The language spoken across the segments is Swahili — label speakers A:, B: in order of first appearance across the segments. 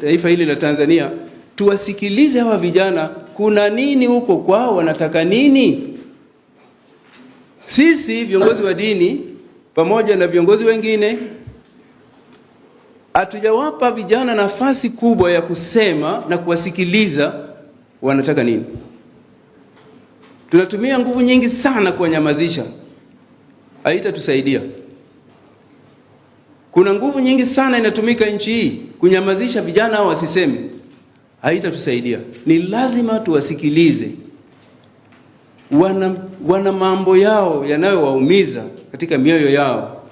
A: taifa hili la Tanzania, tuwasikilize hawa vijana, kuna nini huko kwao, wanataka nini? Sisi viongozi wa dini pamoja na viongozi wengine hatujawapa vijana nafasi kubwa ya kusema na kuwasikiliza wanataka nini. Tunatumia nguvu nyingi sana kuwanyamazisha, haitatusaidia. Kuna nguvu nyingi sana inatumika nchi hii kunyamazisha vijana hao wasiseme, haitatusaidia. Ni lazima tuwasikilize. Wana, wana mambo yao yanayowaumiza katika mioyo yao.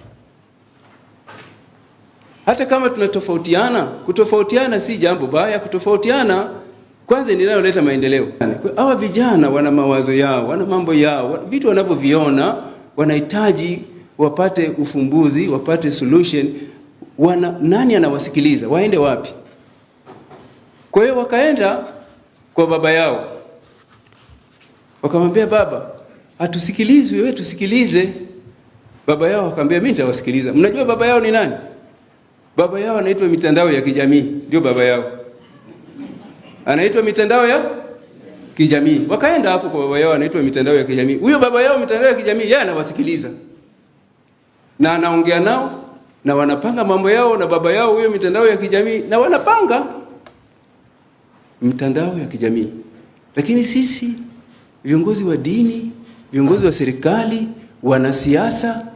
A: Hata kama tunatofautiana, kutofautiana si jambo baya. Kutofautiana kwanza inayoleta maendeleo. Hawa vijana wana mawazo yao, wana mambo yao, vitu wanavyoviona wanahitaji wapate ufumbuzi, wapate solution. Wana, nani anawasikiliza? Waende wapi? Kwa hiyo wakaenda kwa baba yao wakamwambia, baba, hatusikilizwi, wewe tusikilize. Baba yao akamwambia, mimi nitawasikiliza. Mnajua baba yao ni nani? Baba yao anaitwa mitandao ya kijamii, ndio baba yao anaitwa mitandao ya kijamii. Wakaenda hapo kwa baba yao anaitwa mitandao ya kijamii. Huyo baba yao mitandao ya kijamii, yeye anawasikiliza na anaongea nao na wanapanga mambo yao na baba yao huyo mitandao ya kijamii na wanapanga mitandao ya kijamii. Lakini sisi viongozi wa dini, viongozi wa serikali, wanasiasa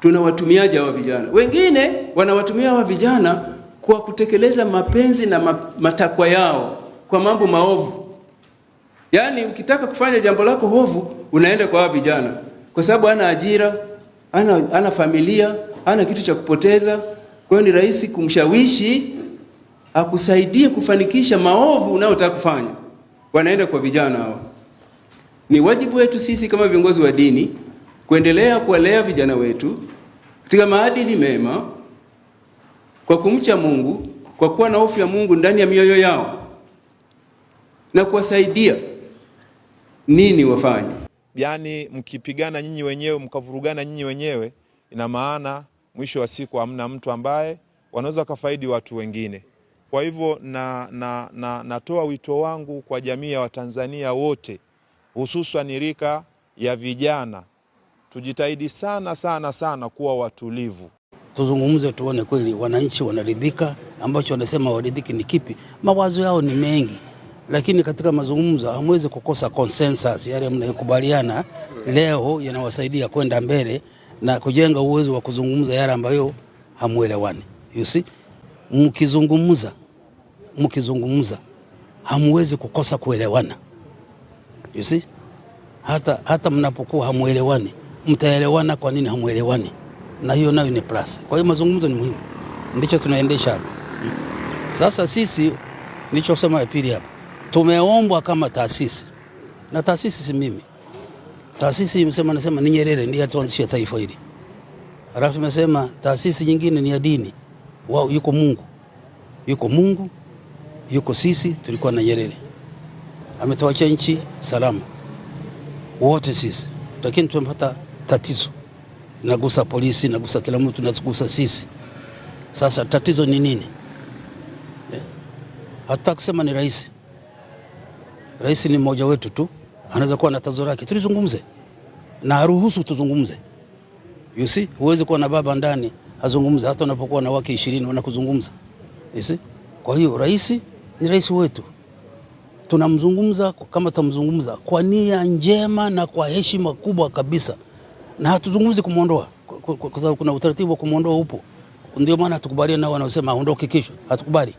A: tunawatumiaje hawa vijana? Wengine wanawatumia hawa vijana kwa kutekeleza mapenzi na matakwa yao kwa mambo maovu. Yaani, ukitaka kufanya jambo lako hovu unaenda kwa hawa vijana, kwa sababu hana ajira ana, ana familia, ana kitu cha kupoteza. Kwa hiyo ni rahisi kumshawishi akusaidie kufanikisha maovu unayotaka kufanya. Wanaenda kwa vijana hao. Ni wajibu wetu sisi kama viongozi wa dini kuendelea kuwalea vijana wetu katika maadili mema kwa kumcha Mungu, kwa kuwa na hofu ya Mungu ndani ya mioyo yao na kuwasaidia nini wafanye
B: yani mkipigana nyinyi wenyewe mkavurugana nyinyi wenyewe, ina maana mwisho wa siku hamna mtu ambaye wanaweza kafaidi watu wengine. Kwa hivyo na, na, na, natoa wito wangu kwa jamii ya Watanzania wote hususan rika ya vijana, tujitahidi sana sana sana kuwa watulivu,
C: tuzungumze, tuone kweli wananchi wanaridhika. Ambacho wanasema waridhiki ni kipi? Mawazo yao ni mengi lakini katika mazungumzo hamwezi kukosa consensus. Yale mnayokubaliana leo yanawasaidia kwenda mbele na kujenga uwezo wa kuzungumza yale ambayo hamuelewani. You see, mkizungumza mkizungumza hamwezi kukosa kuelewana. You see, hata, hata mnapokuwa hamuelewani mtaelewana kwa nini hamuelewani, na hiyo nayo ni plus. Kwa hiyo mazungumzo ni muhimu, ndicho tunaendesha hapa sasa. Sisi nilichosema ya pili hapa tumeombwa kama taasisi, na taasisi si mimi, taasisi msema, nasema ni Nyerere ndiye atuanzishia taifa hili. Alafu tumesema taasisi nyingine ni ya dini, wao yuko Mungu, yuko Mungu, yuko sisi, tulikuwa na Nyerere ametuachia nchi salama wote sisi, lakini tumepata tatizo nagusa polisi, nagusa kila mtu, nagusa sisi. Sasa tatizo ni nini? Eh? Hata kusema ni rais Rais ni mmoja wetu tu, anaweza kuwa na tazo lake, tulizungumze na aruhusu tuzungumze. You see, huwezi kuwa na baba ndani azungumze hata unapokuwa na wake ishirini wanakuzungumza. You see, kwa hiyo rais ni rais wetu, tunamzungumza kama tamzungumza kwa nia njema na kwa heshima kubwa kabisa, na hatuzungumzi kumwondoa, kwa sababu kuna utaratibu wa kumwondoa upo. Ndio maana hatukubaliana nao wanaosema aondoke kesho, hatukubali.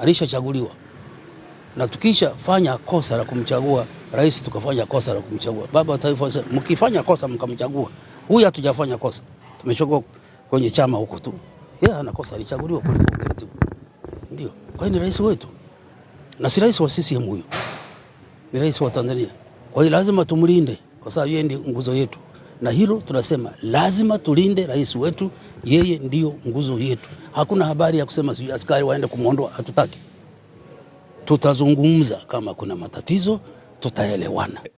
C: Alishachaguliwa na tukishafanya kosa la kumchagua rais, tukafanya kosa la kumchagua baba wa taifa, mkifanya kosa mkamchagua huyu, hatujafanya kosa, tumechagua kwenye chama huko tu, yeye ana kosa, alichaguliwa kuliko utaratibu, ndio. Kwa hiyo ni rais wetu na si rais wa CCM, huyu ni rais wa Tanzania. Kwa hiyo lazima tumlinde, kwa sababu yeye ndio nguzo yetu, na hilo tunasema lazima tulinde rais wetu, yeye ndio nguzo yetu. Hakuna habari ya kusema sijui askari waende kumwondoa, hatutaki tutazungumza, kama kuna matatizo tutaelewana.